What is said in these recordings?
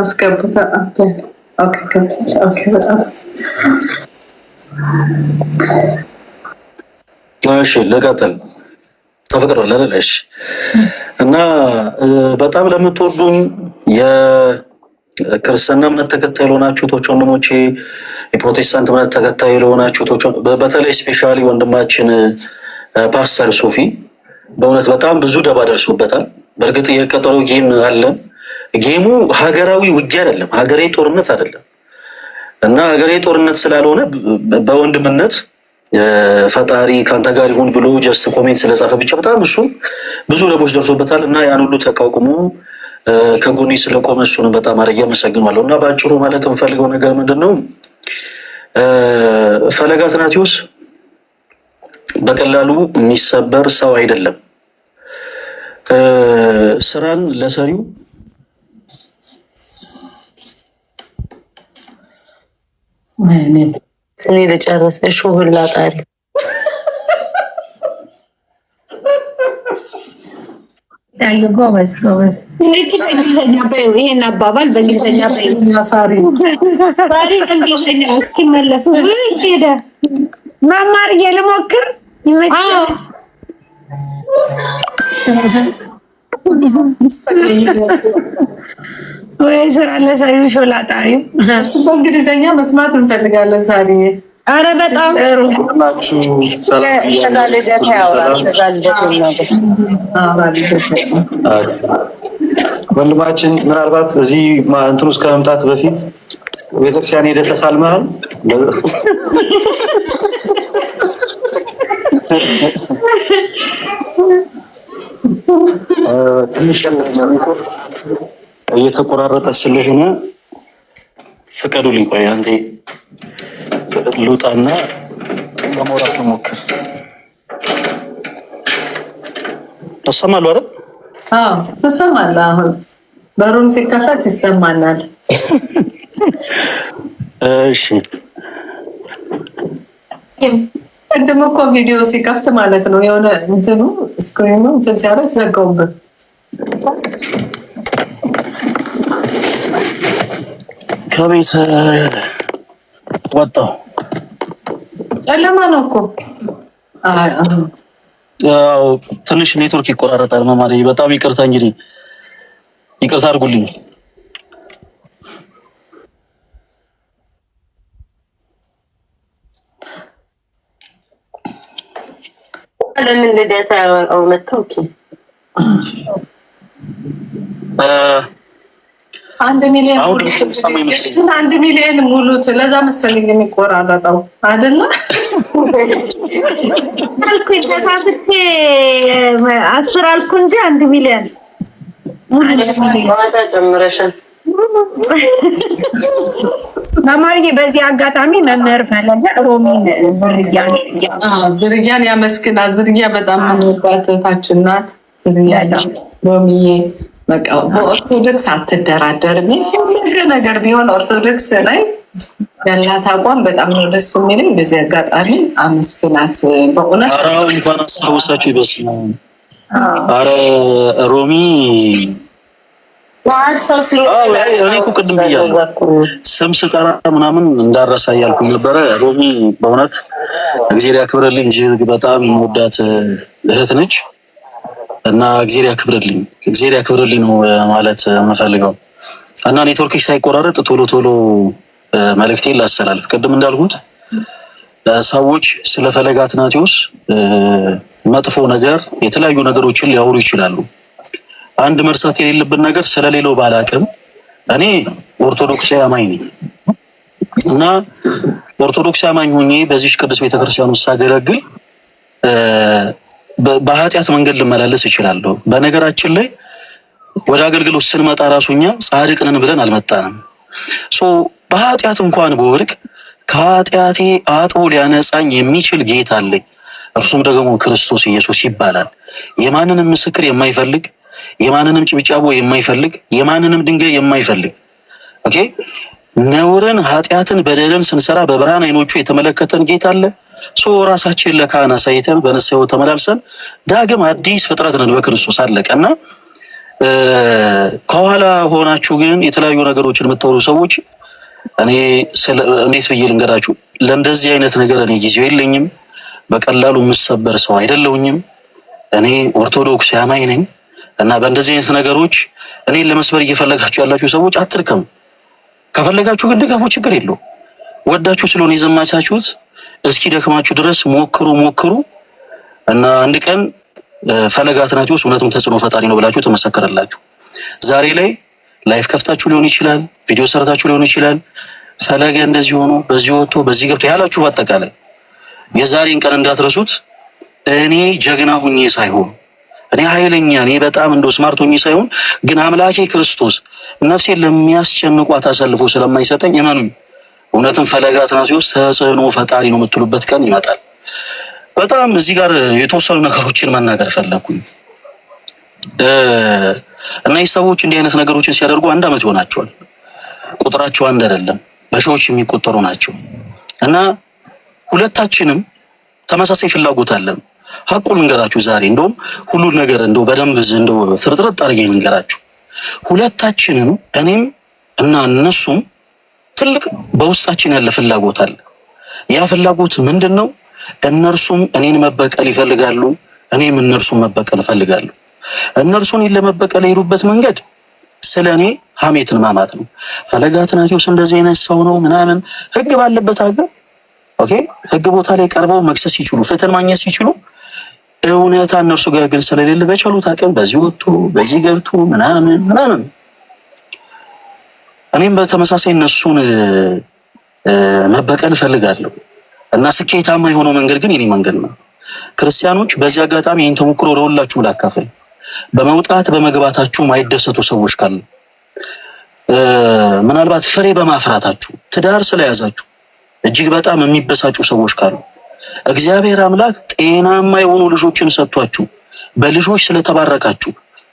አስገብተ እሺ ልቀጥል። እሺ እና በጣም ለምትወዱኝ የክርስትና እምነት ተከታይ ለሆናችሁ ቶች ወንድሞቼ፣ የፕሮቴስታንት እምነት ተከታይ ለሆናችሁ ቶች በተለይ ስፔሻሊ ወንድማችን ፓስተር ሶፊ በእውነት በጣም ብዙ ደባ ደርሶበታል። በእርግጥ የቀጠረው ጌም አለን። ጌሙ ሀገራዊ ውጊ አይደለም፣ ሀገራዊ ጦርነት አይደለም እና ሀገራዊ ጦርነት ስላልሆነ በወንድምነት ፈጣሪ ከአንተ ጋር ይሁን ብሎ ጀስት ኮሜንት ስለጻፈ ብቻ በጣም እሱ ብዙ ደቦች ደርሶበታል እና ያን ሁሉ ተቋቁሞ ከጎኔ ስለቆመ እሱንም በጣም አድርጌ አመሰግናለሁ። እና በአጭሩ ማለት የምፈልገው ነገር ምንድን ነው ፈለገ አትናትዮስ በቀላሉ የሚሰበር ሰው አይደለም። ስራን ለሰሪው ስኔ ለጨረሰ እሾህላ ጣሪ ይሄን አባባል በእንግሊዝኛ እስኪመለሱ ሄደ መማር የልሞክር ወይ ስራ ለሳዩ ሾላ ጣሪ በእንግሊዝኛ መስማት እንፈልጋለን። ሳሪ አረ በጣም ጥሩ ወንድማችን ምናልባት እዚህ እንትኑ ውስጥ ከመምጣት በፊት ቤተክርስቲያን ሄደህ ተሳልመሃል? ትንሽ እየተቆራረጠ ስለሆነ ፍቀዱልኝ። ቆይ አንዴ ልውጣና ለመውራት ልሞክር። ተሰማሉ አይደል? አዎ አሁን በሩም ሲከፈት ይሰማናል። እሺ ቅድም እኮ ቪዲዮ ሲከፍት ማለት ነው የሆነ እንትኑ ስክሪኑ እንትን ሲያደርግ ዘጋውብን። ከቤት ወጣው ጨለማ ነው እኮ ያው ትንሽ ኔትወርክ ይቆራረጣል። መማሪ በጣም ይቅርታ እንግዲህ ይቅርታ አድርጉልኝ። ለምን ልደት አያወራው መጣው? ኦኬ አንድ ሚሊዮን አንድ ሚሊዮን ሙሉት። ለዛ መሰለኝ የሚቆራረጠው አይደለ? አልኩኝ አስር አልኩ እንጂ አንድ ሚሊዮን ሙሉ ጨምረሻል። መማርዬ በዚህ አጋጣሚ መምህር ፈለገ ሮሚን ዝርያን ዝርያን ያመስግናት። ዝርያ በጣም የምንወዳት እህታችን ናት። ዝርያ ሮሚዬ በኦርቶዶክስ አትደራደርም። የፈለገ ነገር ቢሆን ኦርቶዶክስ ላይ ያላት አቋም በጣም ነው ደስ የሚለኝ። በዚህ አጋጣሚ አመስግናት በእውነት። ኧረ እንኳን አስታወሳችሁ ይበስ ነው። ኧረ ሮሚ ስም ስጠራ ምናምን እንዳረሳ እያልኩ ነበረ። ሮሚ በእውነት እግዜር ያክብርልኝ። እጅግ በጣም እህት ነች እና እግዜር ያክብርልኝ፣ እግዜር ያክብርልኝ ነው ማለት የምፈልገው እና ኔትወርክሽ ሳይቆራረጥ ቶሎ ቶሎ መልእክቴን ላስተላልፍ። ቅድም እንዳልኩት ሰዎች ስለ ፈለገ አትናቴዎስ መጥፎ ነገር የተለያዩ ነገሮችን ሊያወሩ ይችላሉ። አንድ መርሳት የሌለብን ነገር ስለሌለው ባላቅም እኔ ኦርቶዶክስ አማኝ ነኝ እና ኦርቶዶክስ አማኝ ሆኜ በዚህ ቅዱስ ቤተክርስቲያን ውስጥ ሳገለግል በኃጢአት መንገድ ልመላለስ እችላለሁ። በነገራችን ላይ ወደ አገልግሎት ስንመጣ ራሱ እኛ ጻድቅ ነን ብለን አልመጣንም። ሶ በኃጢአት እንኳን በወድቅ ከኃጢአቴ አጥቦ ሊያነጻኝ የሚችል ጌታ አለኝ። እርሱም ደግሞ ክርስቶስ ኢየሱስ ይባላል። የማንንም ምስክር የማይፈልግ የማንንም ጭብጫቦ የማይፈልግ የማንንም ድንጋይ የማይፈልግ ኦኬ ነውርን ኃጢአትን በደልን ስንሰራ በብርሃን አይኖቹ የተመለከተን ጌታ አለ። ሶ ራሳችን ለካህን አሳይተን በንስሐው ተመላልሰን ዳግም አዲስ ፍጥረት ነን በክርስቶስ አለቀ እና ከኋላ ሆናችሁ ግን የተለያዩ ነገሮችን የምታወሩ ሰዎች እኔ እንዴት ብዬ ልንገራችሁ? ለእንደዚህ አይነት ነገር እኔ ጊዜው የለኝም። በቀላሉ የምሰበር ሰው አይደለውኝም እኔ ኦርቶዶክስ ያማኝ ነኝ። እና በእንደዚህ አይነት ነገሮች እኔን ለመስበር እየፈለጋችሁ ያላችሁ ሰዎች አትርከም። ከፈለጋችሁ ግን ድጋፉ ችግር የለው። ወዳችሁ ስለሆነ የዘማቻችሁት እስኪ ደክማችሁ ድረስ ሞክሩ ሞክሩ እና አንድ ቀን ፈለገ አትናትዮስ እውነትም ተጽዕኖ ፈጣሪ ነው ብላችሁ ትመሰከረላችሁ። ዛሬ ላይ ላይፍ ከፍታችሁ ሊሆን ይችላል፣ ቪዲዮ ሰርታችሁ ሊሆን ይችላል። ፈለገ እንደዚህ ሆኖ በዚህ ወጥቶ በዚህ ገብቶ ያላችሁ በአጠቃላይ የዛሬን ቀን እንዳትረሱት። እኔ ጀግና ሁኜ ሳይሆን እኔ ኃይለኛ እኔ በጣም እንደ ስማርት ሳይሆን ግን አምላኬ ክርስቶስ ነፍሴን ለሚያስጨንቋት አሳልፎ ስለማይሰጠኝ እመኑኝ፣ እውነትም ፈለገ አትናትዮስ ተጽዕኖ ፈጣሪ ነው የምትሉበት ቀን ይመጣል። በጣም እዚህ ጋር የተወሰኑ ነገሮችን መናገር ፈለግኩኝ። እና ሰዎች እንዲህ አይነት ነገሮችን ሲያደርጉ አንድ አመት ይሆናቸዋል። ቁጥራቸው አንድ አይደለም፣ በሺዎች የሚቆጠሩ ናቸው እና ሁለታችንም ተመሳሳይ ፍላጎት አለን። ሀቁን ልንገራችሁ ዛሬ እንደውም ሁሉን ነገር እንደው በደንብ እንደው ፍርጥርጥ አድርጌ ልንገራችሁ። ሁለታችንም እኔም እና እነሱም ትልቅ በውስጣችን ያለ ፍላጎት አለ። ያ ፍላጎት ምንድን ነው? እነርሱም እኔን መበቀል ይፈልጋሉ፣ እኔም እነርሱን መበቀል እፈልጋለሁ። እነርሱን ለመበቀል የሄዱበት መንገድ ስለ እኔ ሐሜትን ማማት ነው። ፈለገ አትናቴዎስ እንደዚህ አይነት ሰው ነው ምናምን ህግ ባለበት ሀገር ኦኬ፣ ህግ ቦታ ላይ ቀርበው መክሰስ ሲችሉ ፍትህን ማግኘት ሲችሉ እውነታ እነርሱ ጋር ግን ስለሌለ በቻሉት አቅም በዚህ ወጥቶ በዚህ ገብቶ ምናምን ምናምን እኔም በተመሳሳይ እነሱን መበቀል እፈልጋለሁ እና ስኬታማ የሆነው መንገድ ግን የኔ መንገድ ነው። ክርስቲያኖች፣ በዚህ አጋጣሚ ይህን ተሞክሮ ለሁላችሁ ላካፍል። በመውጣት በመግባታችሁ ማይደሰቱ ሰዎች ካሉ ምናልባት ፍሬ በማፍራታችሁ ትዳር ስለያዛችሁ እጅግ በጣም የሚበሳጩ ሰዎች ካሉ እግዚአብሔር አምላክ ጤናማ የሆኑ ልጆችን ሰጥቷችሁ በልጆች ስለተባረካችሁ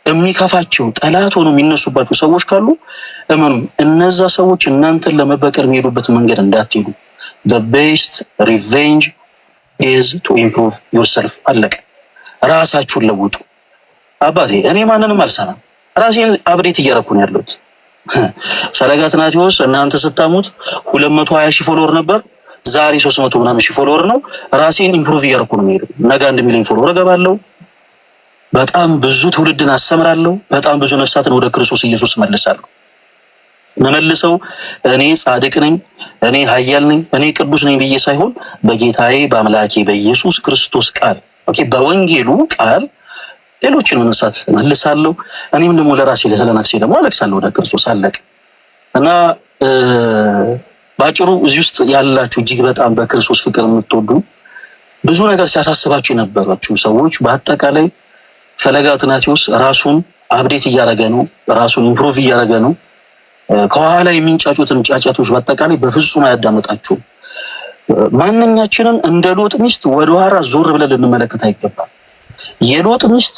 የሚከፋቸው ጠላት ሆኖ የሚነሱባቸው ሰዎች ካሉ እመኑ፣ እነዛ ሰዎች እናንተን ለመበቀል የሚሄዱበት መንገድ እንዳትሄዱ። ቤስት ሪቬንጅ ኢዝ ቱ ኢምፕሩቭ ዮርሰልፍ። አለቀ። ራሳችሁን ለውጡ። አባቴ እኔ ማንንም አልሰራም፣ ራሴን አብዴት እያረኩ ነው ያለሁት። እናንተ ስታሙት ሁለት መቶ ሀያ ሺህ ፎሎወር ነበር ዛሬ ሶስት መቶ ምናምን ሺህ ፎሎወር ነው። ራሴን ኢምፕሩቭ እያደረኩ ነው የሚሄደው። ነገ አንድ ሚሊዮን ፎሎወር እገባለሁ። በጣም ብዙ ትውልድን አስተምራለሁ። በጣም ብዙ ነፍሳትን ወደ ክርስቶስ ኢየሱስ መልሳለሁ። መመልሰው እኔ ጻድቅ ነኝ፣ እኔ ኃያል ነኝ፣ እኔ ቅዱስ ነኝ ብዬ ሳይሆን በጌታዬ በአምላኬ በኢየሱስ ክርስቶስ ቃል ኦኬ፣ በወንጌሉ ቃል ሌሎችን መነሳት መልሳለሁ። እኔም ደግሞ ለራሴ ለስለ ነፍሴ ደግሞ አለቅሳለሁ ወደ ክርስቶስ አለቅ እና በአጭሩ እዚህ ውስጥ ያላችሁ እጅግ በጣም በክርስቶስ ፍቅር የምትወዱ ብዙ ነገር ሲያሳስባችሁ የነበራችሁ ሰዎች በአጠቃላይ ፈለገ አትናቴዎስ ራሱን አብዴት እያደረገ ነው፣ ራሱን ኢምፕሮቭ እያደረገ ነው። ከኋላ የሚንጫጩትን ጫጫቶች በአጠቃላይ በፍጹም አያዳመጣችሁም። ማንኛችንም እንደ ሎጥ ሚስት ወደኋላ ዞር ብለን ልንመለከት አይገባል። የሎጥ ሚስት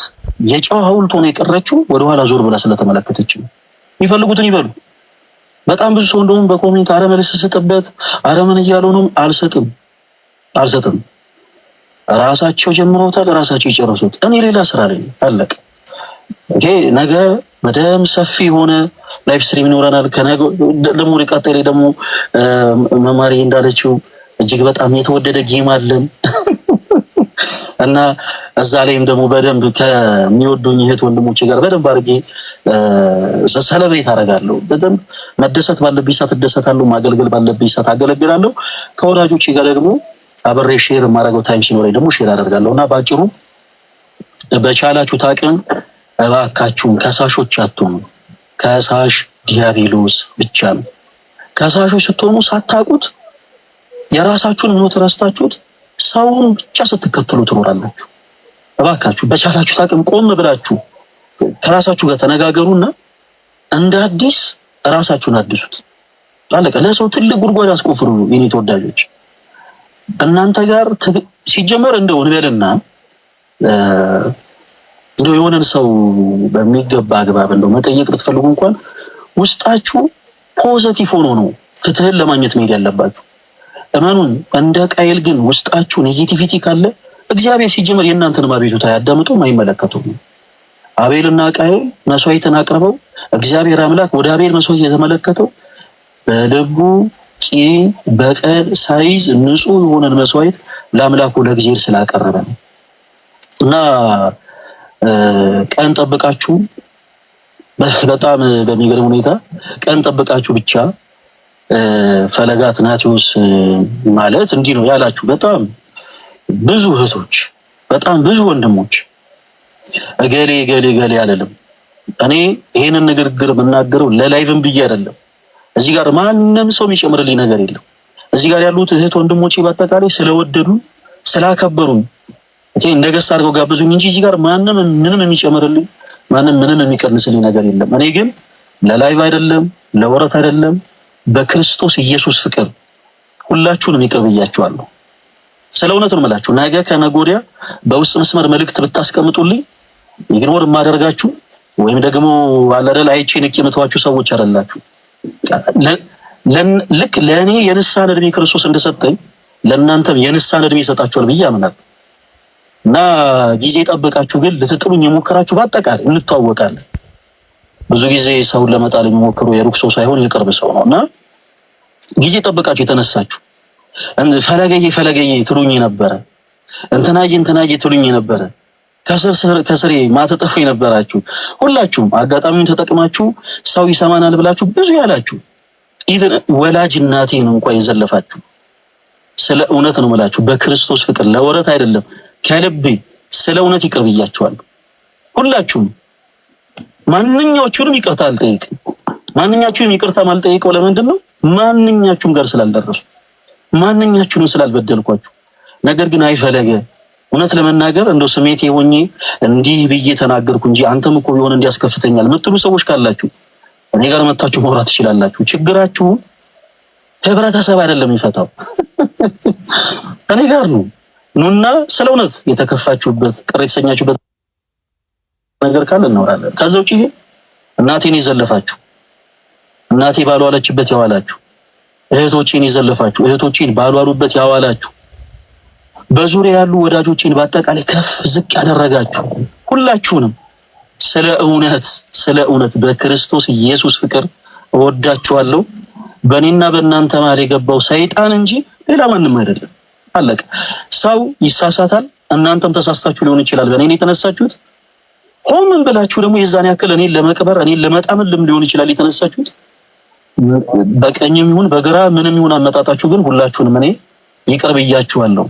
የጨው ሐውልት ሆነ የቀረችው ወደኋላ ዞር ብላ ስለተመለከተች ነው። የሚፈልጉትን ይበሉ። በጣም ብዙ ሰው እንደውም በኮሜንት አረ መልስ ስጥበት፣ አረ ምን እያለው ነው? አልሰጥም አልሰጥም። ራሳቸው ጀምረውታል፣ ራሳቸው ይጨርሱት። እኔ ሌላ ስራ ላይ አለቅ። ይሄ ነገ በደም ሰፊ የሆነ ላይፍ ስትሪም ይኖረናል። ከነገ ደግሞ ሪቃጤ ላይ ደግሞ መማሪ እንዳለችው እጅግ በጣም የተወደደ ጌም አለን እና እዛ ላይም ደግሞ በደንብ ከሚወዱኝ እህት ወንድሞች ጋር በደንብ አድርጌ ሰለብሬት አደርጋለሁ። በደንብ መደሰት ባለብኝ ሰዓት እደሰታለሁ፣ ማገልገል ባለብኝ ሰዓት አገለግላለሁ። ከወዳጆቼ ጋር ደግሞ አብሬ ሼር የማደርገው ታይም ሲኖረኝ ደግሞ ሼር አደርጋለሁ እና በአጭሩ በቻላችሁ ታቅም እባካችሁን ከሳሾች አትሆኑ። ከሳሽ ዲያብሎስ ብቻ ነው። ከሳሾች ስትሆኑ ሳታውቁት የራሳችሁን ሞት ረስታችሁት ሰውን ብቻ ስትከተሉ ትኖራላችሁ። እባካችሁ በቻላችሁ ታቅም ቆም ብላችሁ ከራሳችሁ ጋር ተነጋገሩና እንደ አዲስ ራሳችሁን አድሱት። አለቀ። ለሰው ትልቅ ጉድጓድ አስቆፍሩ የኔ ተወዳጆች። እናንተ ጋር ሲጀመር እንደው እንበልና እንደው የሆነን ሰው በሚገባ አግባብ እንደው መጠየቅ ብትፈልጉ እንኳን ውስጣችሁ ፖዘቲቭ ሆኖ ነው ፍትህን ለማግኘት መሄድ ያለባችሁ። እመኑን እንደ ቃየል ግን ውስጣችሁ ኔጌቲቪቲ ካለ እግዚአብሔር ሲጀመር የእናንተን አቤቱታ አያዳምጡም፣ አይመለከቱም። አቤልና ቃየል መስዋዕትን አቅርበው እግዚአብሔር አምላክ ወደ አቤል መስዋዕት የተመለከተው በልቡ ቂም በቀል ሳይዝ ንጹህ የሆነን መስዋዕት ለአምላኩ ለእግዚአብሔር ስላቀረበ ነው እና ቀን ጠብቃችሁ በጣም በሚገርም ሁኔታ ቀን ጠብቃችሁ ብቻ ፈለገ አትናቴዎስ ማለት እንዲህ ነው ያላችሁ በጣም ብዙ እህቶች፣ በጣም ብዙ ወንድሞች እገሌ እገሌ እገሌ አለልም። እኔ ይሄንን ንግግር የምናገረው ለላይቭም ብዬ አይደለም። እዚህ ጋር ማንም ሰው የሚጨምርልኝ ነገር የለም። እዚህ ጋር ያሉት እህት ወንድሞቼ በአጠቃላይ ስለወደዱ ስላከበሩኝ እንደ ገስ አድርገው ጋብዙኝ እንጂ እዚህ ጋር ማንም ምንም የሚጨምርልኝ ማንም ምንም የሚቀንስልኝ ነገር የለም። እኔ ግን ለላይቭ አይደለም፣ ለወረት አይደለም፣ በክርስቶስ ኢየሱስ ፍቅር ሁላችሁንም ይቅር ብያችኋለሁ። ስለ እውነት ነው የምላችሁ። ነገ ከነገ ወዲያ በውስጥ መስመር መልእክት ብታስቀምጡልኝ ኢግኖር የማደርጋችሁ ወይም ደግሞ አላደል አይቼ ንቄ የምተዋችሁ ሰዎች አይደላችሁ። ልክ ለእኔ የንሳን እድሜ ክርስቶስ እንደሰጠኝ ለእናንተም የንሳን እድሜ ይሰጣችኋል ብዬ አምናል እና ጊዜ ጠብቃችሁ ግን ልትጥሉኝ የሞከራችሁ በአጠቃላይ እንተዋወቃለን። ብዙ ጊዜ ሰውን ለመጣል የሚሞክሩ የሩቅ ሰው ሳይሆን የቅርብ ሰው ነው እና ጊዜ ጠብቃችሁ የተነሳችሁ ፈለገዬ ፈለገዬ ትሉኝ ነበረ፣ እንትናዬ እንትናዬ ትሉኝ ነበረ ከስሬ ማተጠፉ የነበራችሁ ሁላችሁም አጋጣሚውን ተጠቅማችሁ ሰው ይሰማናል ብላችሁ ብዙ ያላችሁ ኢቨን ወላጅ እናቴን እንኳ የዘለፋችሁ ስለ እውነት ነው የምላችሁ። በክርስቶስ ፍቅር ለወረት አይደለም ከልቤ ስለ እውነት ይቅር ብያችኋለሁ። ሁላችሁም ማንኛዎቹንም ይቅርታ አልጠይቅ ማንኛችሁንም ይቅርታ ማልጠይቀው ለምንድን ነው? ማንኛችሁም ጋር ስላልደረሱ ማንኛችሁንም ስላልበደልኳችሁ። ነገር ግን አይፈለገ እውነት ለመናገር እንደው ስሜት ሆኜ እንዲህ ብዬ ተናገርኩ እንጂ አንተም እኮ የሆነ እንዲያስከፍተኛል ምትሉ ሰዎች ካላችሁ እኔ ጋር መታችሁ መውራት ትችላላችሁ። ችግራችሁን ህብረተሰብ አይደለም የሚፈታው እኔ ጋር ነው። ኑና ስለ እውነት የተከፋችሁበት ቅር የተሰኛችሁበት ነገር ካለ እናወራለን። ከዛ ውጭ እናቴን የዘለፋችሁ እናቴ ባልዋለችበት ያዋላችሁ እህቶቼን የዘለፋችሁ እህቶቼን ባልዋሉበት ያዋላችሁ በዙሪያ ያሉ ወዳጆችን በአጠቃላይ ከፍ ዝቅ ያደረጋችሁ ሁላችሁንም ስለ እውነት ስለ እውነት በክርስቶስ ኢየሱስ ፍቅር እወዳችኋለሁ። በእኔና በእናንተ መሃል የገባው ሰይጣን እንጂ ሌላ ማንም አይደለም። አለቀ። ሰው ይሳሳታል። እናንተም ተሳስታችሁ ሊሆን ይችላል። በእኔ የተነሳችሁት ሆምን ብላችሁ ደግሞ የዛን ያክል እኔን ለመቅበር እኔን ለመጣምልም ሊሆን ይችላል የተነሳችሁት። በቀኝም ይሁን በግራ ምንም ይሁን አመጣጣችሁ ግን ሁላችሁንም እኔ ይቅር ብያችኋለሁ።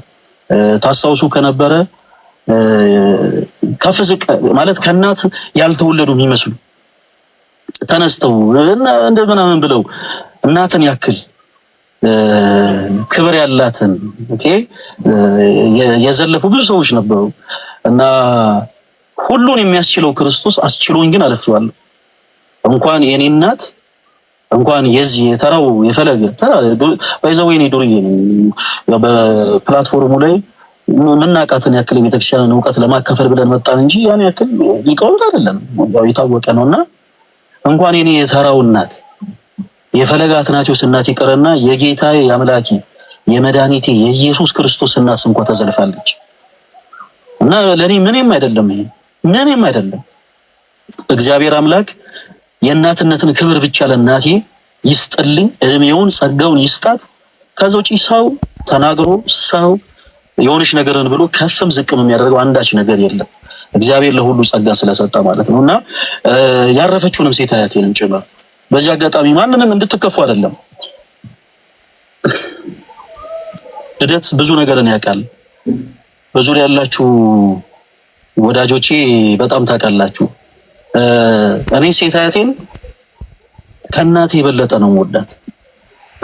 ታስታውሱ ከነበረ ከፍዝቅ ማለት ከእናት ያልተወለዱ የሚመስሉ ተነስተው እንደ ምናምን ብለው እናትን ያክል ክብር ያላትን የዘለፉ ብዙ ሰዎች ነበሩ እና ሁሉን የሚያስችለው ክርስቶስ አስችሎኝ ግን አለፍዋለሁ እንኳን የኔ እናት እንኳን የዚህ የተራው የፈለገ ተራ ባይዘው የኔ ዱርዬ በፕላትፎርሙ ላይ ምናቃትን ያክል የቤተክርስቲያንን እውቀት ለማካፈል ብለን መጣን እንጂ ያን ያክል ሊቀውት አይደለም፣ ያው የታወቀ ነው። እና እንኳን የኔ የተራው እናት የፈለገ አትናቴዎስ እናት ይቅርና የጌታ የአምላኬ የመድኃኒቴ የኢየሱስ ክርስቶስ እናት እንኳ ተዘልፋለች። እና ለእኔ ምንም አይደለም፣ ይሄ ምንም አይደለም። እግዚአብሔር አምላክ የእናትነትን ክብር ብቻ ለእናቴ ይስጥልኝ፣ እድሜውን ጸጋውን ይስጣት። ከዛ ውጪ ሰው ተናግሮ ሰው የሆነች ነገርን ብሎ ከፍም ዝቅም የሚያደርገው አንዳች ነገር የለም። እግዚአብሔር ለሁሉ ጸጋ ስለሰጠ ማለት ነው። እና ያረፈችውንም ሴት አያቴንም ጭምር በዚህ አጋጣሚ ማንንም እንድትከፉ አይደለም። ልደት ብዙ ነገርን ያውቃል። በዙሪያ ያላችሁ ወዳጆቼ በጣም ታውቃላችሁ። እኔ ሴት አያቴን ከእናቴ የበለጠ ነው የምወዳት፣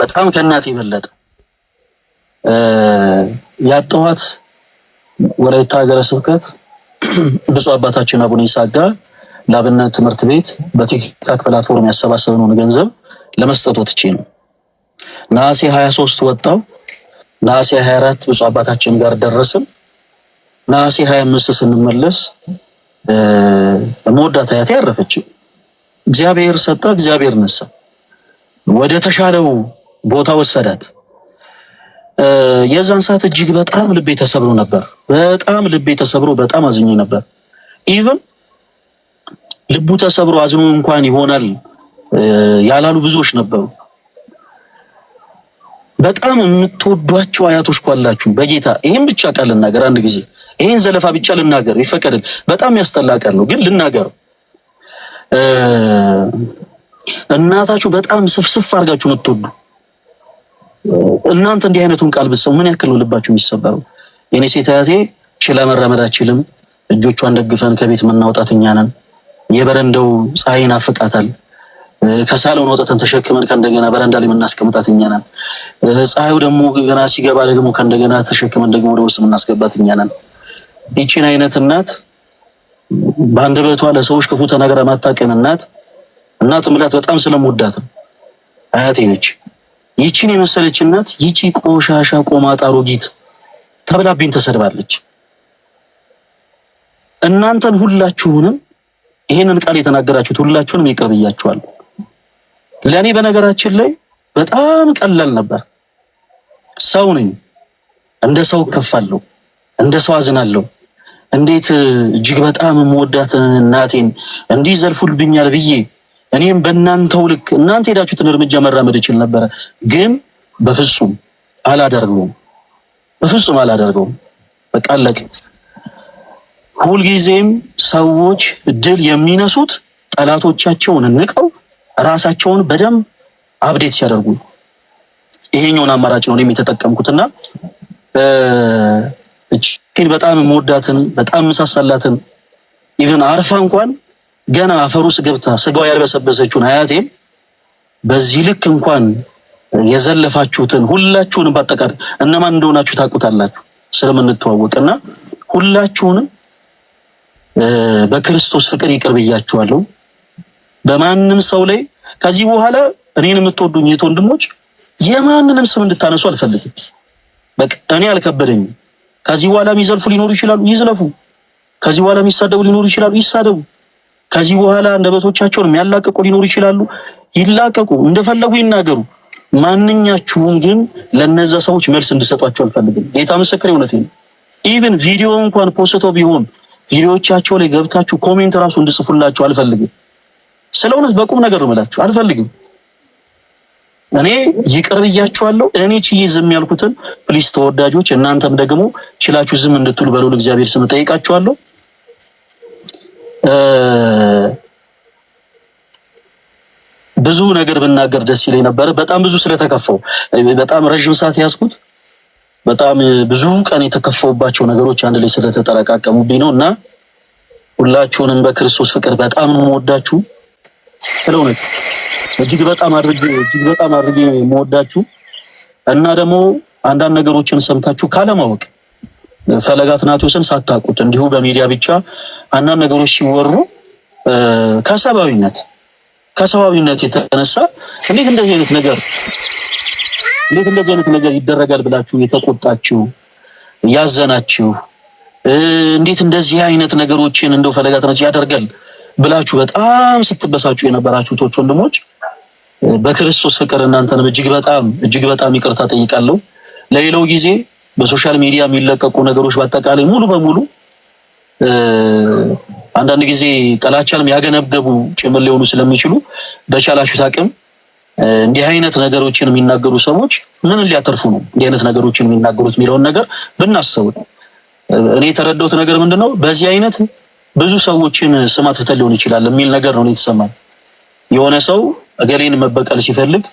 በጣም ከእናቴ የበለጠ ያጠዋት ወላይታ ሀገረ ስብከት ብፁ አባታችን አቡነ ይሳጋ ለአብነት ትምህርት ቤት በቲክታክ ፕላትፎርም ያሰባሰብነውን ገንዘብ ለመስጠት ወጥቼ ነው። ነሐሴ 23 ወጣው፣ ነሐሴ 24 ብፁ አባታችን ጋር ደረስም፣ ነሐሴ 25 ስንመለስ መወዳት አያቴ ያረፈችው። እግዚአብሔር ሰጣ፣ እግዚአብሔር ነሳ፣ ወደ ተሻለው ቦታ ወሰዳት። የዛን ሰዓት እጅግ በጣም ልቤ ተሰብሮ ነበር። በጣም ልቤ ተሰብሮ በጣም አዝኜ ነበር። ኢቭን ልቡ ተሰብሮ አዝኖ እንኳን ይሆናል ያላሉ ብዙዎች ነበሩ። በጣም የምትወዷቸው አያቶች ኳላችሁ በጌታ ይህም ብቻ ቃል ልናገር አንድ ጊዜ ይህን ዘለፋ ብቻ ልናገር ይፈቀድል። በጣም ያስጠላ ነው፣ ግን ልናገር። እናታችሁ በጣም ስፍስፍ አድርጋችሁ የምትወዱ እናንተ እንዲህ አይነቱን ቃል ብትሰሙ ምን ያክል ነው ልባችሁ የሚሰበረው? የኔ ሴት እህቴ ችላ መራመድ አችልም። እጆቿን ደግፈን ከቤት የምናውጣት እኛ ነን። የበረንዳው ፀሐይ ናፍቃታል። ከሳሎን ወጥተን ተሸክመን ከእንደገና በረንዳ ላይ የምናስቀምጣት እኛ ነን። ፀሐዩ ደግሞ ገና ሲገባ ደግሞ ከእንደገና ተሸክመን ደግሞ ወደ ውስጥ የምናስገባት እኛ ነን። ይቺን አይነት እናት በአንደበቷ ለሰዎች ክፉ ተናግራ ማታውቅን እናት እናት ምላት በጣም ስለምወዳት ነው። አያቴ ነች። ይቺን የመሰለች እናት ይቺ ቆሻሻ ቆማጣ አሮጊት ተብላብኝ ተሰድባለች። እናንተን ሁላችሁንም ይሄንን ቃል የተናገራችሁት ሁላችሁንም ይቅር ለኔ ለእኔ በነገራችን ላይ በጣም ቀላል ነበር። ሰው ነኝ፣ እንደ ሰው እከፋለሁ፣ እንደ ሰው አዝናለሁ። እንዴት እጅግ በጣም የምወዳት እናቴን እንዲህ ዘልፉልብኛል ብዬ እኔም በእናንተው ልክ እናንተ ሄዳችሁትን እርምጃ መራመድ እችል ነበረ፣ ግን በፍጹም አላደርገውም። በፍጹም አላደርገውም። በቃ አለቀ። ሁልጊዜም ሰዎች ድል የሚነሱት ጠላቶቻቸውን ንቀው ራሳቸውን በደንብ አብዴት ሲያደርጉ ይሄኛውን አማራጭ ነው እኔም የተጠቀምኩትና ግን በጣም መወዳትን በጣም መሳሳላትን ኢቨን አርፋ እንኳን ገና አፈር ውስጥ ገብታ ስጋው ያልበሰበሰችውን አያቴም በዚህ ልክ እንኳን የዘለፋችሁትን ሁላችሁንም ባጠቃላይ እነማን እንደሆናችሁ ታውቁታላችሁ ስለምንተዋወቅና ሁላችሁንም በክርስቶስ ፍቅር ይቅር ብያችኋለሁ። በማንም ሰው ላይ ከዚህ በኋላ እኔን የምትወዱኝ የት ወንድሞች የማንንም ስም እንድታነሱ አልፈልግም። በቃ እኔ አልከበደኝም። ከዚህ በኋላ የሚዘልፉ ሊኖሩ ይችላሉ፣ ይዝለፉ። ከዚህ በኋላ የሚሳደቡ ሊኖሩ ይችላሉ፣ ይሳደቡ። ከዚህ በኋላ አንደበቶቻቸውን የሚያላቀቁ ሊኖሩ ይችላሉ፣ ይላቀቁ፣ እንደፈለጉ ይናገሩ። ማንኛችሁም ግን ለነዛ ሰዎች መልስ እንድሰጧቸው አልፈልግም። ጌታ ምስክር እውነት ነው። ኢቭን ቪዲዮ እንኳን ፖስቶ ቢሆን ቪዲዮዎቻቸው ላይ ገብታችሁ ኮሜንት እራሱ እንድጽፉላችሁ አልፈልግም። ስለ እውነት በቁም ነገር ነው አልፈልግም። እኔ ይቅር ብያችኋለሁ። እኔ ችዬ ዝም ያልኩትን ፕሊስ ተወዳጆች፣ እናንተም ደግሞ ችላችሁ ዝም እንድትሉ በልዑል እግዚአብሔር ስም ጠይቃችኋለሁ። ብዙ ነገር ብናገር ደስ ይለኝ ነበረ። በጣም ብዙ ስለተከፈው በጣም ረዥም ሰዓት ያዝኩት። በጣም ብዙ ቀን የተከፈውባቸው ነገሮች አንድ ላይ ስለተጠረቃቀሙብኝ ነው እና ሁላችሁንም በክርስቶስ ፍቅር በጣም ነው የምወዳችሁ ስለሆነ እጅግ በጣም አድርጌ እጅግ በጣም አድርጌ የምወዳችሁ እና ደግሞ አንዳንድ ነገሮችን ሰምታችሁ ካለማወቅ ፈለጋት ናቶስን ሳታውቁት እንዲሁ በሚዲያ ብቻ አንዳንድ ነገሮች ሲወሩ ከሰባዊነት ከሰባዊነት የተነሳ እንዴት እንደዚህ አይነት ነገር እንዴት እንደዚህ አይነት ነገር ይደረጋል ብላችሁ የተቆጣችሁ ያዘናችሁ፣ እንዴት እንደዚህ አይነት ነገሮችን እንደው ፈለጋት ናቸው ያደርጋል ብላችሁ በጣም ስትበሳችሁ የነበራችሁት ወንድሞች በክርስቶስ ፍቅር እናንተን እጅግ በጣም እጅግ በጣም ይቅርታ ጠይቃለሁ። ለሌላው ጊዜ በሶሻል ሚዲያ የሚለቀቁ ነገሮች በአጠቃላይ ሙሉ በሙሉ አንዳንድ ጊዜ ጥላቻንም ያገነበቡ ጭምር ሊሆኑ ስለሚችሉ በቻላችሁት አቅም እንዲህ አይነት ነገሮችን የሚናገሩ ሰዎች ምን ሊያተርፉ ነው እንዲህ አይነት ነገሮችን የሚናገሩት የሚለውን ነገር ብናስቡ እኔ የተረዳሁት ነገር ምንድን ነው፣ በዚህ አይነት ብዙ ሰዎችን ስም አጥፍተን ሊሆን ይችላል የሚል ነገር ነው የተሰማኝ የሆነ ሰው እገሌን መበቀል ሲፈልግ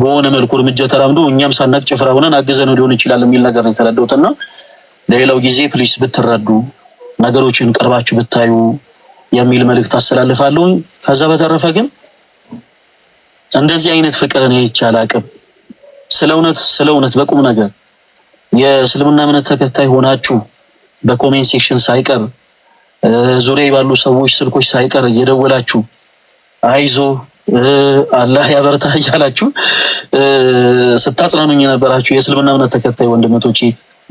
በሆነ መልኩ እርምጃ ተራምዶ እኛም ሳናቅ ጭፍራ ሆነን አግዘነው ሊሆን ይችላል የሚል ነገር ነው የተረዳሁት። እና ለሌላው ጊዜ ፕሊስ ብትረዱ ነገሮችን ቀርባችሁ ብታዩ የሚል መልእክት አስተላልፋለሁ። ከዛ በተረፈ ግን እንደዚህ አይነት ፍቅር ነው ይቻል አቅም ስለ እውነት ስለ እውነት በቁም ነገር የእስልምና እምነት ተከታይ ሆናችሁ በኮሜንት ሴክሽን ሳይቀር ዙሪያ ባሉ ሰዎች ስልኮች ሳይቀር እየደወላችሁ አይዞ አላህ ያበርታ እያላችሁ ስታጽናኑኝ የነበራችሁ የእስልምና እምነት ተከታይ ወንድመቶቼ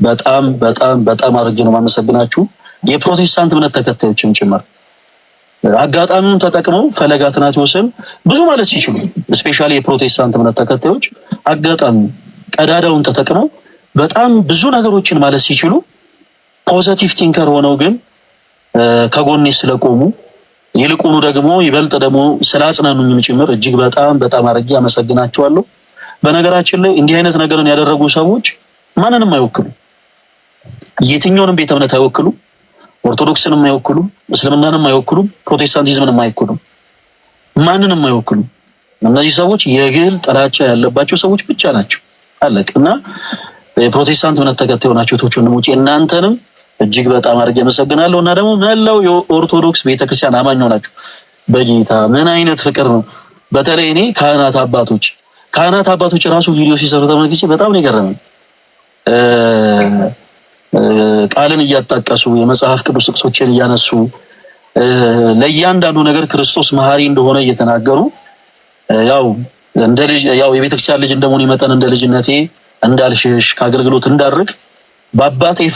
በጣም በጣም በጣም አድርጌ ነው የማመሰግናችሁ። የፕሮቴስታንት እምነት ተከታዮችም ጭምር አጋጣሚውን ተጠቅመው ፈለገ አትናቴዎስን ብዙ ማለት ሲችሉ እስፔሻሊ የፕሮቴስታንት እምነት ተከታዮች አጋጣሚ ቀዳዳውን ተጠቅመው በጣም ብዙ ነገሮችን ማለት ሲችሉ ፖዘቲቭ ቲንከር ሆነው ግን ከጎኔ ስለቆሙ ይልቁኑ ደግሞ ይበልጥ ደግሞ ስላጽናኑኝም ጭምር እጅግ በጣም በጣም አድርጌ አመሰግናቸዋለሁ። በነገራችን ላይ እንዲህ አይነት ነገርን ያደረጉ ሰዎች ማንንም አይወክሉ፣ የትኛውንም ቤተ እምነት አይወክሉ፣ ኦርቶዶክስንም አይወክሉ፣ እስልምናንም አይወክሉ፣ ፕሮቴስታንቲዝምንም አይወክሉ? ማንንም አይወክሉ። እነዚህ ሰዎች የግል ጥላቻ ያለባቸው ሰዎች ብቻ ናቸው። አለቅ እና የፕሮቴስታንት እምነት ተከታይ የሆናችሁ ወንድሞቼ እናንተንም እጅግ በጣም አድርጌ አመሰግናለሁ። እና ደግሞ መላው የኦርቶዶክስ ቤተክርስቲያን አማኝ ሆናችሁ በጌታ ምን አይነት ፍቅር ነው! በተለይ እኔ ካህናት አባቶች ካህናት አባቶች ራሱ ቪዲዮ ሲሰሩ ተመልክቼ በጣም ነው የገረመኝ። ቃልን እያጣቀሱ የመጽሐፍ ቅዱስ ጥቅሶችን እያነሱ ለእያንዳንዱ ነገር ክርስቶስ መሐሪ እንደሆነ እየተናገሩ ያው እንደ ልጅ ያው የቤተክርስቲያን ልጅ እንደመሆኔ መጠን እንደ ልጅነቴ እንዳልሽሽ ከአገልግሎት እንዳርቅ በአባቴ